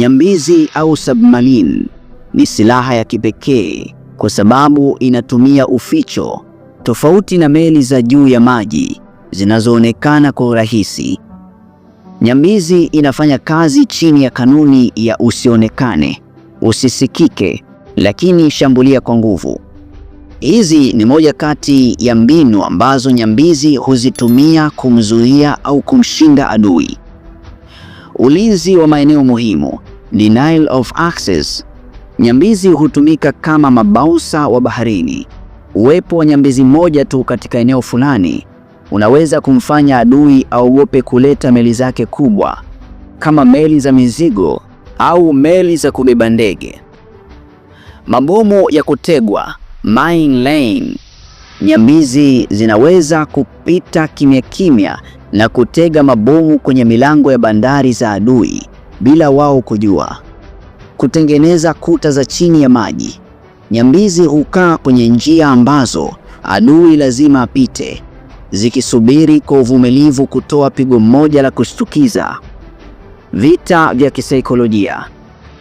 Nyambizi au submarine ni silaha ya kipekee kwa sababu inatumia uficho, tofauti na meli za juu ya maji zinazoonekana kwa urahisi. Nyambizi inafanya kazi chini ya kanuni ya usionekane, usisikike, lakini shambulia kwa nguvu. Hizi ni moja kati ya mbinu ambazo nyambizi huzitumia kumzuia au kumshinda adui. Ulinzi wa maeneo muhimu. Denial of access. Nyambizi hutumika kama mabausa wa baharini. Uwepo wa nyambizi moja tu katika eneo fulani unaweza kumfanya adui aogope kuleta meli zake kubwa kama meli za mizigo au meli za kubeba ndege. Mabomu ya kutegwa, mine lane. Nyambizi zinaweza kupita kimya kimya na kutega mabomu kwenye milango ya bandari za adui bila wao kujua, kutengeneza kuta za chini ya maji. Nyambizi hukaa kwenye njia ambazo adui lazima apite, zikisubiri kwa uvumilivu kutoa pigo mmoja la kushtukiza. Vita vya kisaikolojia,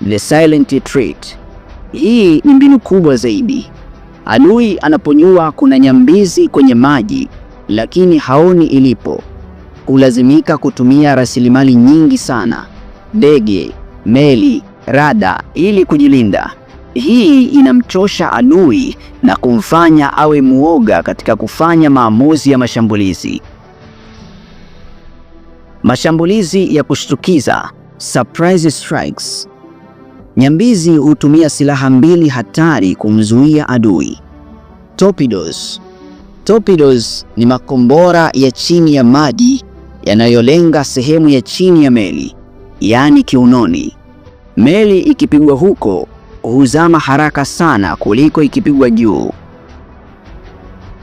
the silent retreat. Hii ni mbinu kubwa zaidi. Adui anaponyua kuna nyambizi kwenye maji, lakini haoni ilipo, hulazimika kutumia rasilimali nyingi sana ndege, meli, rada ili kujilinda. Hii inamchosha adui na kumfanya awe muoga katika kufanya maamuzi ya mashambulizi. Mashambulizi ya kushtukiza, surprise strikes. Nyambizi hutumia silaha mbili hatari kumzuia adui. Torpedoes. Torpedoes ni makombora ya chini ya maji yanayolenga sehemu ya chini ya meli yaani kiunoni. Meli ikipigwa huko huzama haraka sana kuliko ikipigwa juu.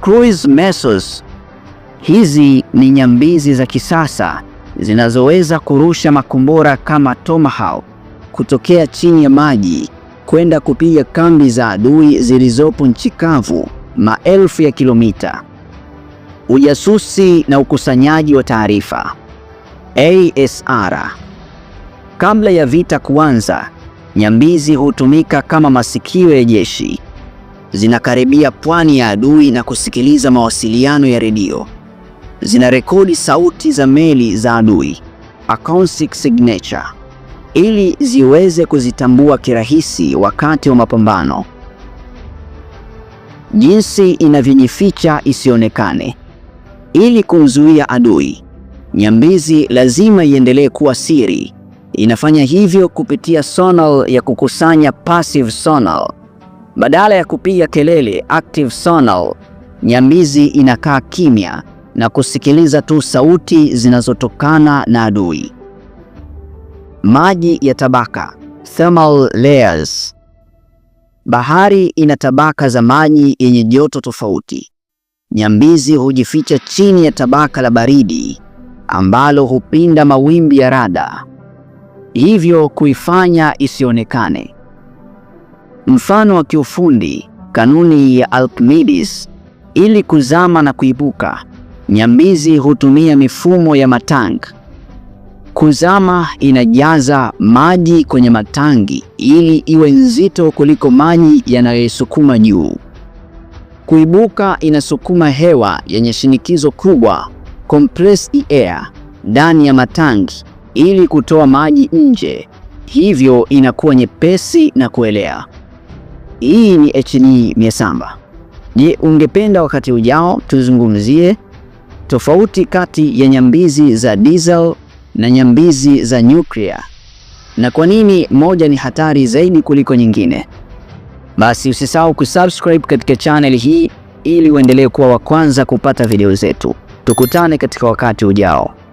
Cruise missiles hizi ni nyambizi za kisasa zinazoweza kurusha makombora kama Tomahawk kutokea chini ya maji kwenda kupiga kambi za adui zilizopo nchi kavu maelfu ya kilomita. Ujasusi na ukusanyaji wa taarifa. ASR Kabla ya vita kuanza, nyambizi hutumika kama masikio ya jeshi. Zinakaribia pwani ya adui na kusikiliza mawasiliano ya redio. Zinarekodi sauti za meli za adui, acoustic signature, ili ziweze kuzitambua kirahisi wakati wa mapambano. Jinsi inavyojificha isionekane. Ili kumzuia adui, nyambizi lazima iendelee kuwa siri Inafanya hivyo kupitia sonal ya kukusanya passive sonal. Badala ya kupiga kelele active sonal, nyambizi inakaa kimya na kusikiliza tu sauti zinazotokana na adui. Maji ya tabaka thermal layers. Bahari ina tabaka za maji yenye joto tofauti. Nyambizi hujificha chini ya tabaka la baridi ambalo hupinda mawimbi ya rada hivyo kuifanya isionekane. Mfano wa kiufundi, kanuni ya Archimedes. Ili kuzama na kuibuka, nyambizi hutumia mifumo ya matangi. Kuzama inajaza maji kwenye matangi ili iwe nzito kuliko maji yanayoisukuma juu. Kuibuka inasukuma hewa yenye shinikizo kubwa compressed air ndani ya matangi ili kutoa maji nje, hivyo inakuwa nyepesi na kuelea. Hii ni HD 700. Je, ungependa wakati ujao tuzungumzie tofauti kati ya nyambizi za diesel na nyambizi za nyuklia na kwa nini moja ni hatari zaidi kuliko nyingine? Basi usisahau kusubscribe katika channel hii ili uendelee kuwa wa kwanza kupata video zetu. Tukutane katika wakati ujao.